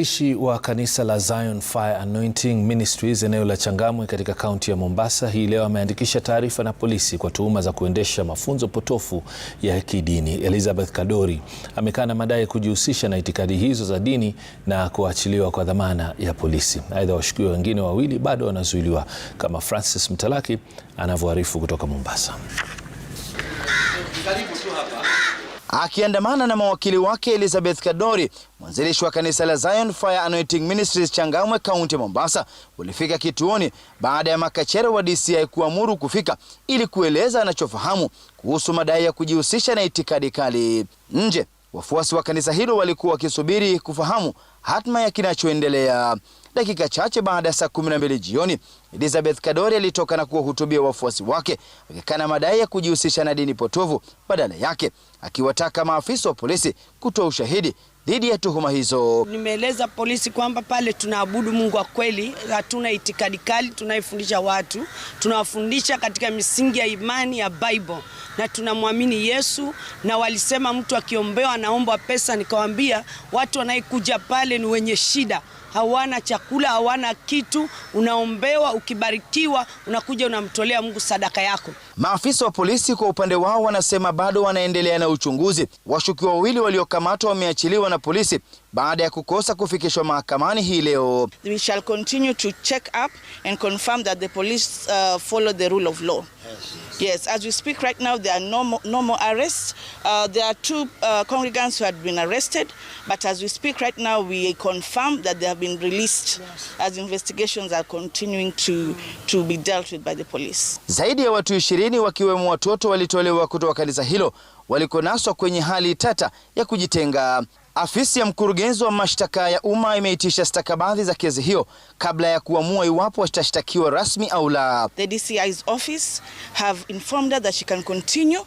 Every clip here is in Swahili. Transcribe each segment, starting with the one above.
Mwakilishi wa kanisa la Zion Fire Anointing Ministries eneo la Changamwe katika kaunti ya Mombasa hii leo ameandikisha taarifa na polisi kwa tuhuma za kuendesha mafunzo potofu ya kidini. Elizabeth Kadori amekana madai kujihusisha na itikadi hizo za dini na kuachiliwa kwa dhamana ya polisi. Aidha, washukiwa wengine wawili bado wanazuiliwa kama Francis Mtalaki anavyoarifu kutoka Mombasa. Akiandamana na mawakili wake Elizabeth Kadori, mwanzilishi wa kanisa la Zion Fire Anointing Ministries Changamwe, kaunti ya Mombasa, walifika kituoni baada ya makachero wa DCI kuamuru kufika ili kueleza anachofahamu kuhusu madai ya kujihusisha na itikadi kali. Nje, wafuasi wa kanisa hilo walikuwa wakisubiri kufahamu hatma ya kinachoendelea. Dakika chache baada ya saa mbili jioni, Elizabeth Kadori alitoka na kuwahutubia wafuasi wake akikana madai ya kujihusisha na dini potovu, badala yake akiwataka maafisa wa polisi kutoa ushahidi dhidi ya tuhuma hizo. Nimeeleza polisi kwamba pale tunaabudu Mungu wa kweli, hatuna itikadi kali tunaifundisha watu, tunawafundisha katika misingi ya imani ya Bible na tunamwamini Yesu. Na walisema mtu akiombewa anaomba pesa, nikawaambia watu wanaekuja pale ni wenye shida hawana chakula, hawana kitu. Unaombewa, ukibarikiwa, unakuja unamtolea Mungu sadaka yako. Maafisa wa polisi kwa upande wao wanasema bado wanaendelea na uchunguzi. Washukiwa wawili waliokamatwa wameachiliwa na na polisi baada ya kukosa kufikishwa mahakamani hii leo. We shall continue to check up and confirm that the police uh, follow the rule of law. Yes, as we speak right now there are no more, no more arrests. Uh, there are two uh, congregants who had been arrested, but as we speak right now we confirm that they have been released as investigations are continuing to, to be dealt with by the police. Zaidi ya watu 20 wakiwemo watoto walitolewa kutoka kanisa hilo walikonaswa kwenye hali tata ya kujitenga. Afisi ya mkurugenzi wa mashtaka ya umma imeitisha stakabadhi za kesi hiyo kabla ya kuamua iwapo atashtakiwa rasmi au la. The DCI's office have informed her that she can continue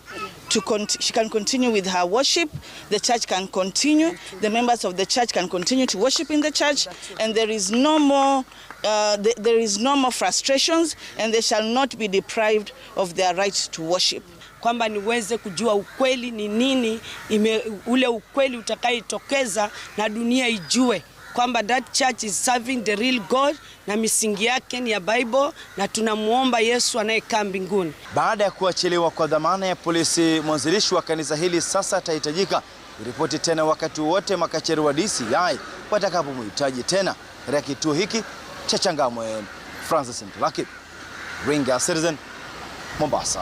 to con she can continue with her worship. The church can continue. The members of the church can continue to worship in the church and there is no more uh, the, there is no more frustrations and they shall not be deprived of their right to worship kwamba niweze kujua ukweli ni nini ime, ule ukweli utakayetokeza na dunia ijue kwamba that church is serving the real God na misingi yake ni ya Bible na tunamwomba Yesu anayekaa mbinguni. Baada ya kuachiliwa kwa dhamana ya polisi, mwanzilishi wa kanisa hili sasa atahitajika kuripoti tena wakati wote makachero wa DCI watakapomhitaji tena katika kituo hiki cha Changamwe. Francis Mtalaki, Ringa Citizen, Mombasa.